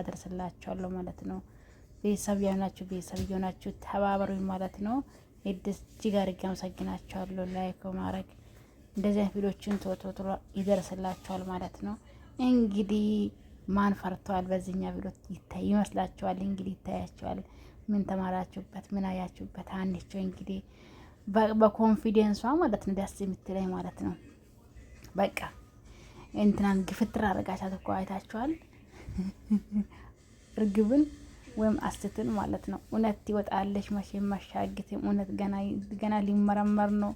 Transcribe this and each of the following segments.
አደርስላቸዋለሁ ማለት ነው። ቤተሰብ ያሆናችሁ ቤተሰብ እየሆናችሁ ተባበሩ ማለት ነው። እጅግ አድርጌ አመሰግናቸዋለሁ። ላይክ በማድረግ እንደዚህ አይነት ቪዲዮችን ተወጥሮ ይደርስላችኋል ማለት ነው። እንግዲህ ማን ፈርተዋል? በዚህኛ ቪዲዮ ይታይ ይመስላችኋል? እንግዲህ ይታያቸዋል። ምን ተማራችሁበት? ምን አያችሁበት? አንቺ እንግዲህ በኮንፊደንሷ ማለት ነው ደስ የምትለኝ ማለት ነው። በቃ እንትናን ግፍትር አድርጋቻት እኮ አይታችኋል። እርግብን ወይም አስትን ማለት ነው። እውነት ትወጣለች መቼም አሻግትም። እውነት ገና ሊመረመር ነው።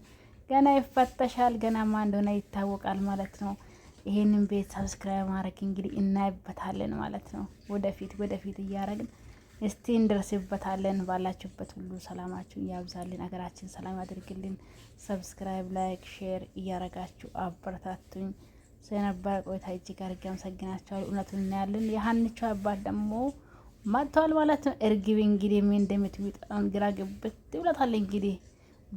ገና ይፈተሻል። ገና ማን እንደሆነ ይታወቃል ማለት ነው። ይሄንን ቤት ሰብስክራይብ ማድረግ እንግዲህ እናይበታለን ማለት ነው። ወደፊት ወደፊት እያደረግን እስቲ እንደርስበታለን። ባላችሁበት ሁሉ ሰላማችሁ እያብዛልን፣ አገራችን ሰላም ያድርግልን። ሰብስክራይብ፣ ላይክ፣ ሼር እያረጋችሁ አበረታቱኝ። ስለነበረ ቆይታ እጅግ አድርጌ አመሰግናቸዋለሁ። እውነቱን እናያለን። የሀንቸው አባት ደግሞ መጥተዋል ማለት ነው። እርግብ እንግዲህ ምን እንደምትውጥ ግራ ገብት ትብላታለ። እንግዲህ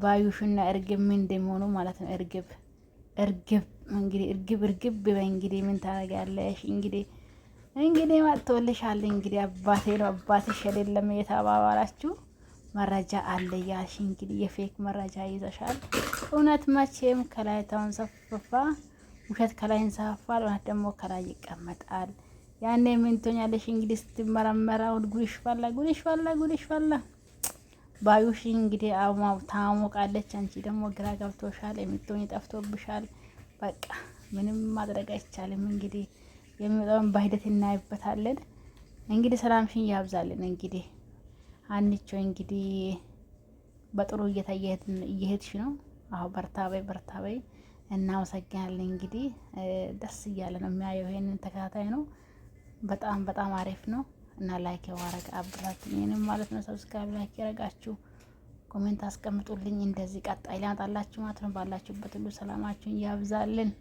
ባዩሽና እርግብ ምን እንደሚሆኑ ማለት ነው። እርግብ እርግብ እንግዲህ እርግብ እርግብ ብበ እንግዲህ ምን ታደርጊያለሽ? እንግዲህ እንግዲህ መጥቶልሻል። እንግዲህ አባቴ ነው አባትሽ የሌለም የተባባላችሁ መረጃ አለ ያልሽ እንግዲህ የፌክ መረጃ ይዘሻል። እውነት መቼም ከላይ ተውን ሰፍፋ ውሸት ከላይ እንሳፋል፣ እውነት ደግሞ ከላይ ይቀመጣል። ያኔ ምን ትሆኛለሽ እንግዲህ ስትመረመራ፣ ጉልሽ ፈላ፣ ጉድሽ ፈላ፣ ጉድሽ ፈላ። ባዩሽ እንግዲህ አማው ታሞቃለች። አንቺ ደግሞ ግራ ገብቶሻል፣ የምትሆኝ ጠፍቶብሻል። በቃ ምንም ማድረግ አይቻልም። እንግዲህ የሚመጣውን በሂደት እናይበታለን። እንግዲህ ሰላምሽን ያብዛልን። እንግዲህ አንቾ እንግዲህ በጥሩ እየታየ እየሄድሽ ነው። አሁን በርታ በይ፣ በርታ በይ እናመሰግናለን። እንግዲህ ደስ እያለ ነው የሚያየው። ይሄንን ተከታታይ ነው። በጣም በጣም አሪፍ ነው እና ላይክ ያዋረግ አብራት ይህንም ማለት ነው። ሰብስክራይብ ላይክ ያረጋችሁ ኮሜንት አስቀምጡልኝ። እንደዚህ ቀጣይ ሊያመጣላችሁ ማለት ነው። ባላችሁበት ሁሉ ሰላማችሁን ያብዛልን።